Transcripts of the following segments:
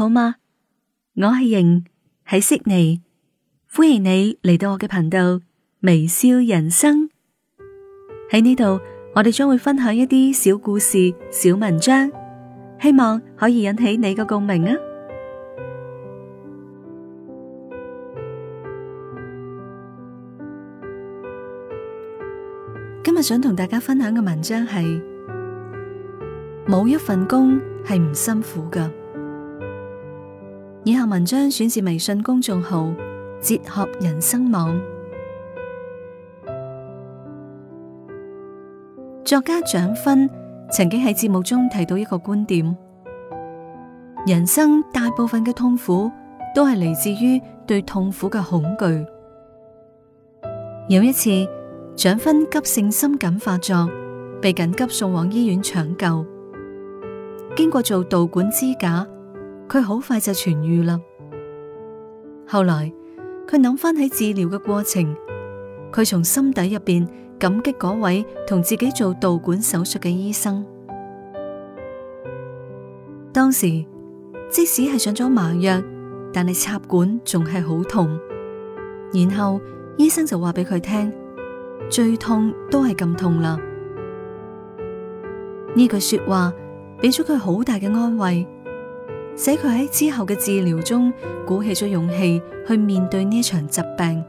好嗎？我係瑩，喺悉尼，歡迎你嚟到我嘅頻道微笑人生。喺呢度，我哋將會分享一啲小故事、小文章，希望可以引起你嘅共鳴啊！今日想同大家分享嘅文章係：冇一份工係唔辛苦噶。以下文章選自微信公眾號《哲學人生網》。作家蔣勳曾經喺節目中提到一個觀點：人生大部分嘅痛苦都係嚟自於對痛苦嘅恐懼。有一次，蔣勳急性心梗發作，被緊急送往醫院搶救，經過做導管支架。佢好快就痊癒啦。後來佢諗翻起治療嘅過程，佢從心底入邊感激嗰位同自己做導管手術嘅醫生。當時即使係上咗麻藥，但係插管仲係好痛。然後醫生就話俾佢聽，最痛都係咁痛啦。呢句說話俾咗佢好大嘅安慰。使佢喺之後嘅治療中鼓起咗勇氣去面對呢場疾病，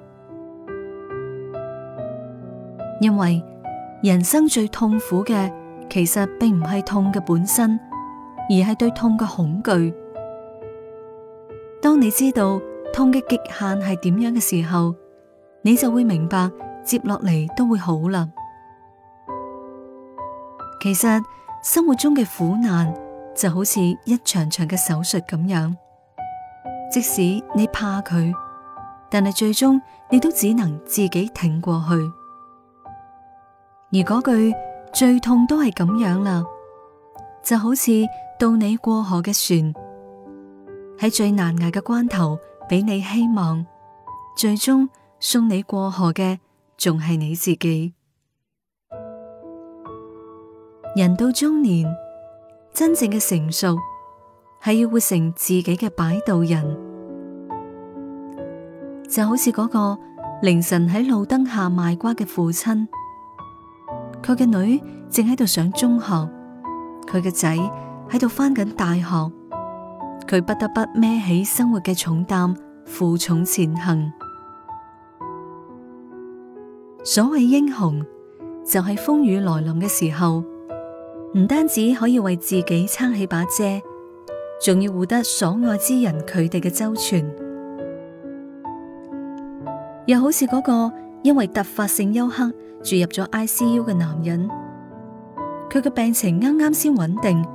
因為人生最痛苦嘅其實並唔係痛嘅本身，而係對痛嘅恐懼。當你知道痛嘅極限係點樣嘅時候，你就會明白接落嚟都會好啦。其實生活中嘅苦難。就好似一場場嘅手術咁樣，即使你怕佢，但係最終你都只能自己挺過去。而嗰句最痛都係咁樣啦，就好似渡你過河嘅船，喺最難挨嘅關頭俾你希望，最終送你過河嘅仲係你自己。人到中年。真正嘅成熟係要活成自己嘅擺渡人，就好似嗰個凌晨喺路燈下賣瓜嘅父親，佢嘅女正喺度上中學，佢嘅仔喺度翻緊大學，佢不得不孭起生活嘅重擔，負重前行。所謂英雄，就係風雨來臨嘅時候。唔單止可以為自己撐起把遮，仲要護得所愛之人佢哋嘅周全，又好似嗰個因為突發性休克住入咗 ICU 嘅男人，佢嘅病情啱啱先穩定，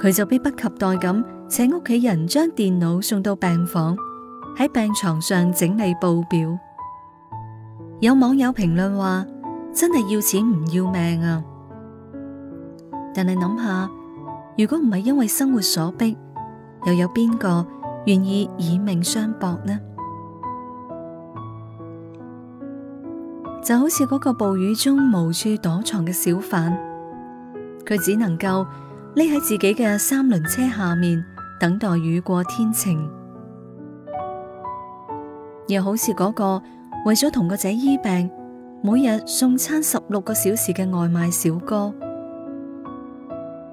佢就迫不及待咁請屋企人將電腦送到病房，喺病床上整理報表。有網友評論話：真係要錢唔要命啊！但係諗下，如果唔係因為生活所迫，又有邊個願意以命相搏呢？就好似嗰個暴雨中無處躲藏嘅小販，佢只能夠匿喺自己嘅三輪車下面等待雨過天晴；又好似嗰個為咗同個仔醫病，每日送餐十六個小時嘅外賣小哥。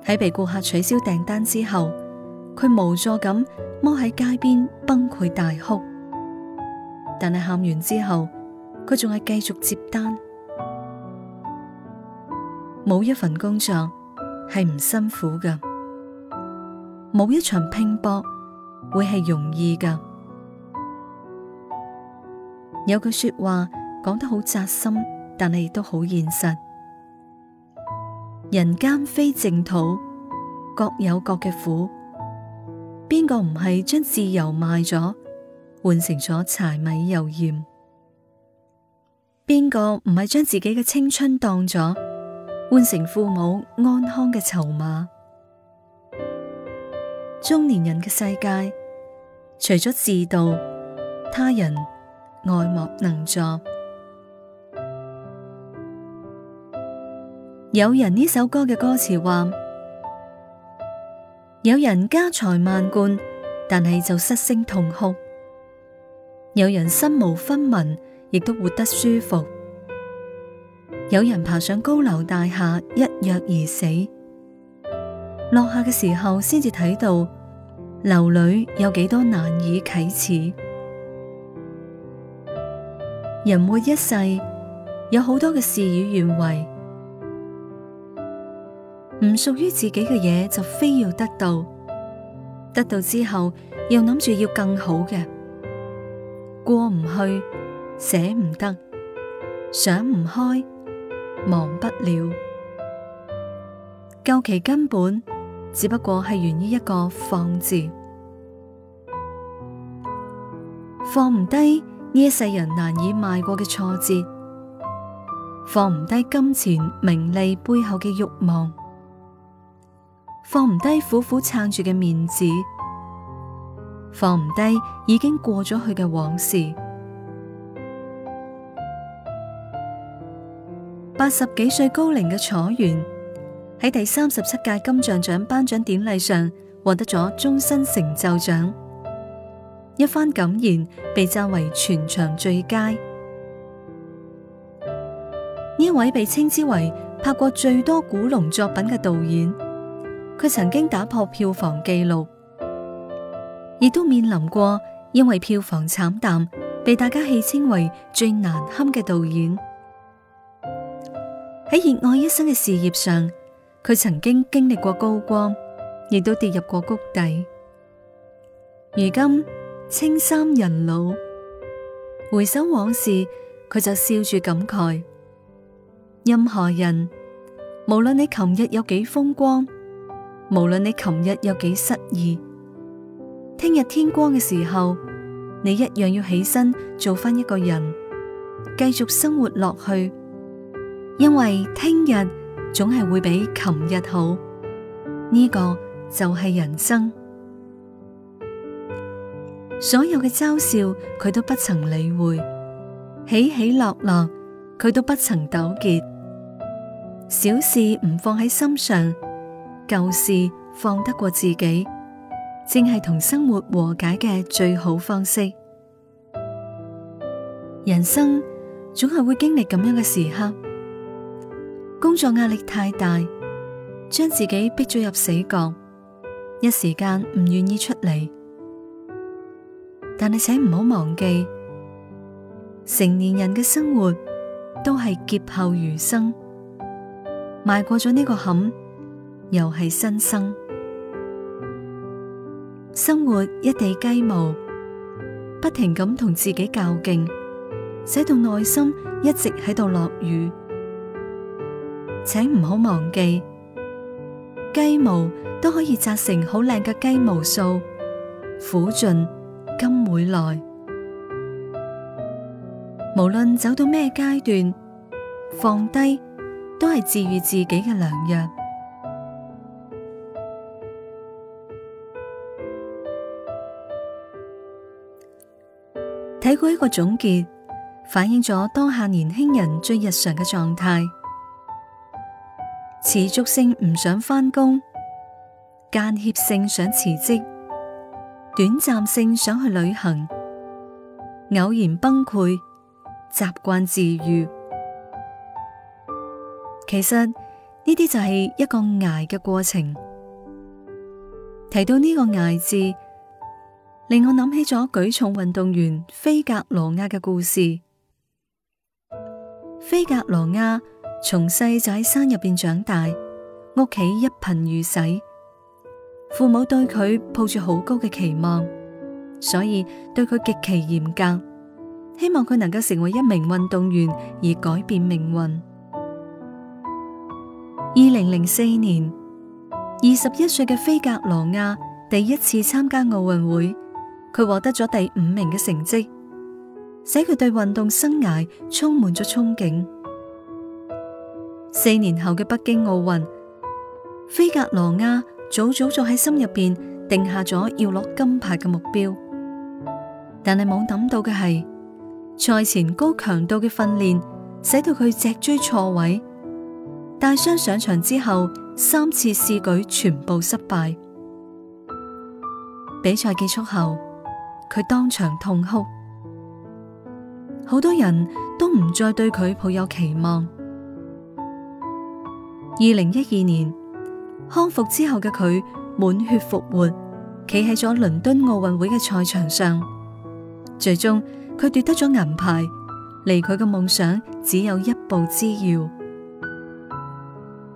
喺被顧客取消訂單之後，佢無助咁踎喺街邊崩潰大哭。但係喊完之後，佢仲係繼續接單。冇一份工作係唔辛苦噶，冇一場拼搏會係容易噶。有句說話講得好扎心，但係亦都好現實。人間非淨土，各有各嘅苦。邊個唔係將自由賣咗，換成咗柴米油鹽？邊個唔係將自己嘅青春當咗，換成父母安康嘅籌碼？中年人嘅世界，除咗自渡，他人愛莫能助。有人呢首歌嘅歌詞話：有人家財萬貫，但係就失聲痛哭；有人身無分文，亦都活得舒服；有人爬上高樓大廈，一躍而死，落下嘅時候先至睇到樓裏有幾多難以啟齒。人活一世，有好多嘅事與願違。唔屬於自己嘅嘢，就非要得到，得到之後又諗住要更好嘅，過唔去，捨唔得，想唔開，忘不了。究其根本，只不過係源於一個放字，放唔低呢一世人難以邁過嘅挫折，放唔低金錢名利背後嘅欲望。放唔低苦苦撐住嘅面子，放唔低已經過咗去嘅往事。八十幾歲高齡嘅楚原喺第三十七屆金像獎頒獎典禮上獲得咗終身成就獎，一番感言被讚為全場最佳。呢位被稱之為拍過最多古龍作品嘅導演。佢曾經打破票房紀錄，亦都面臨過因為票房慘淡被大家戲稱為最難堪嘅導演。喺熱愛一生嘅事業上，佢曾經經歷過高光，亦都跌入過谷底。如今青衫人老，回首往事，佢就笑住感慨：任何人，無論你琴日有幾風光。無論你琴日有幾失意，聽日天光嘅時候，你一樣要起身做翻一個人，繼續生活落去。因為聽日總係會比琴日好，呢個就係人生。所有嘅嘲笑，佢都不曾理會；起起落落，佢都不曾糾結。小事唔放喺心上。就係放得過自己，正係同生活和解嘅最好方式。人生總係會經歷咁樣嘅時刻，工作壓力太大，將自己逼咗入死角，一時間唔願意出嚟。但係請唔好忘記，成年人嘅生活都係劫後餘生，邁過咗呢個坎。又係新生，生活一地雞毛， 不停咁同自己較勁， 使到內心一直喺度落雨。請唔好忘記，雞 毛都可以紮成好靚嘅雞毛掃，苦盡甘會來。無論走到咩階段，放低都係治愈自己嘅良藥。睇過一個總結，反映咗當下年輕人最日常嘅狀態：持續性唔想返工，間歇性想辭職，短暫性想去旅行，偶然崩潰，習慣自愈。其實呢啲就係一個捱嘅過程。提到呢個捱字。令我諗起咗舉重運動員菲格羅亞嘅故事。菲格羅亞從細就喺山入邊長大，屋企一貧如洗，父母對佢抱住好高嘅期望，所以對佢極其嚴格，希望佢能夠成為一名運動員而改變命運。二零零四年，二十一歲嘅菲格羅亞第一次參加奧運會。佢獲得咗第五名嘅成績，使佢對運動生涯充滿咗憧憬。四年後嘅北京奧運，菲格羅亞早早就喺心入邊定下咗要攞金牌嘅目標，但係冇諗到嘅係，賽前高強度嘅訓練使到佢脊椎錯位，帶傷上場之後，三次試舉全部失敗。比賽結束後。佢當場痛哭，好多人都唔再對佢抱有期望。二零一二年康復之後嘅佢滿血復活，企喺咗倫敦奧運會嘅賽場上，最終佢奪得咗銀牌，離佢嘅夢想只有一步之遙。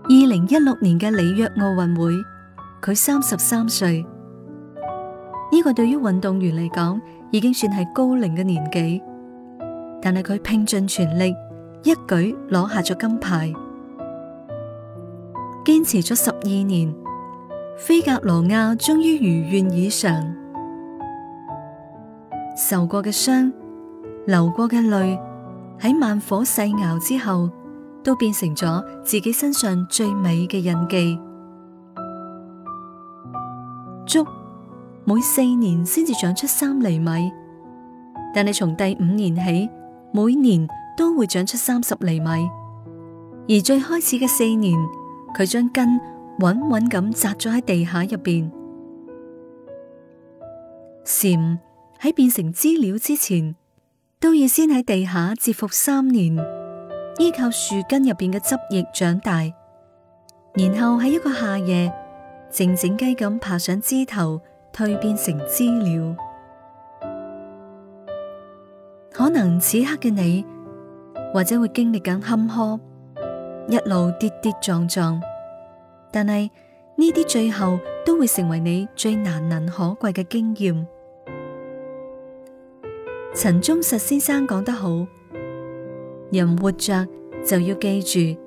二零一六年嘅里約奧運會，佢三十三歲。呢個對於運動員嚟講，已經算係高齡嘅年紀，但係佢拼盡全力，一舉攞下咗金牌，堅持咗十二年，菲格羅亞終於如願以償。受過嘅傷，流過嘅淚，喺慢火細熬之後，都變成咗自己身上最美嘅印記。每四年先至長出三厘米，但係從第五年起，每年都會長出三十厘米。而最開始嘅四年，佢將根穩穩咁扎咗喺地下入邊。蟬喺變成知了之前，都要先喺地下蟄伏三年，依靠樹根入邊嘅汁液長大，然後喺一個夏夜，靜靜雞咁爬上枝頭。蛻變成資料，可能此刻嘅你，或者會經歷緊坎坷，一路跌跌撞撞，但係呢啲最後都會成為你最難能可貴嘅經驗。陳忠實先生講得好：人活着就要記住，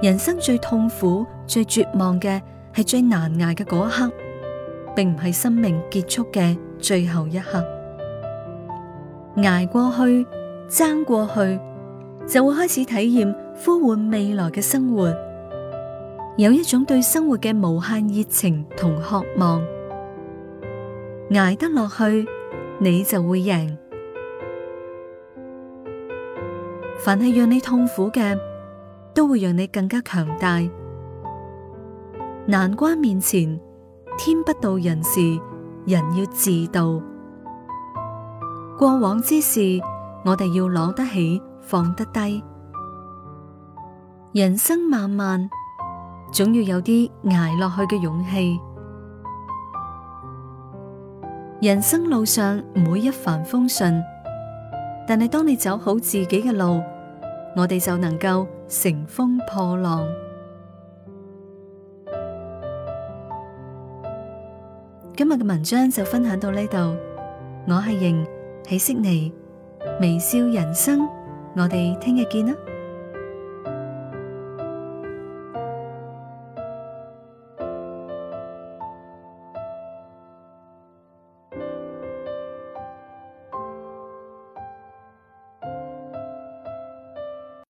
人生最痛苦、最絕望嘅係最難捱嘅嗰一刻。並唔係生命結束嘅最後一刻，捱過去，爭過去，就會開始體驗呼喚未來嘅生活，有一種對生活嘅無限熱情同渴望。捱得落去，你就會贏。凡係讓你痛苦嘅，都會讓你更加強大。難關面前，天不道人事，人要自道。過往之事，我哋要攞得起，放得低。人生漫漫，總要有啲捱落去嘅勇氣。人生路上唔會一帆風順，但係當你走好自己嘅路，我哋就能夠乘風破浪。今日嘅文章就分享到呢度，我係瑩，喜識你，微笑人生，我哋聽日見啦。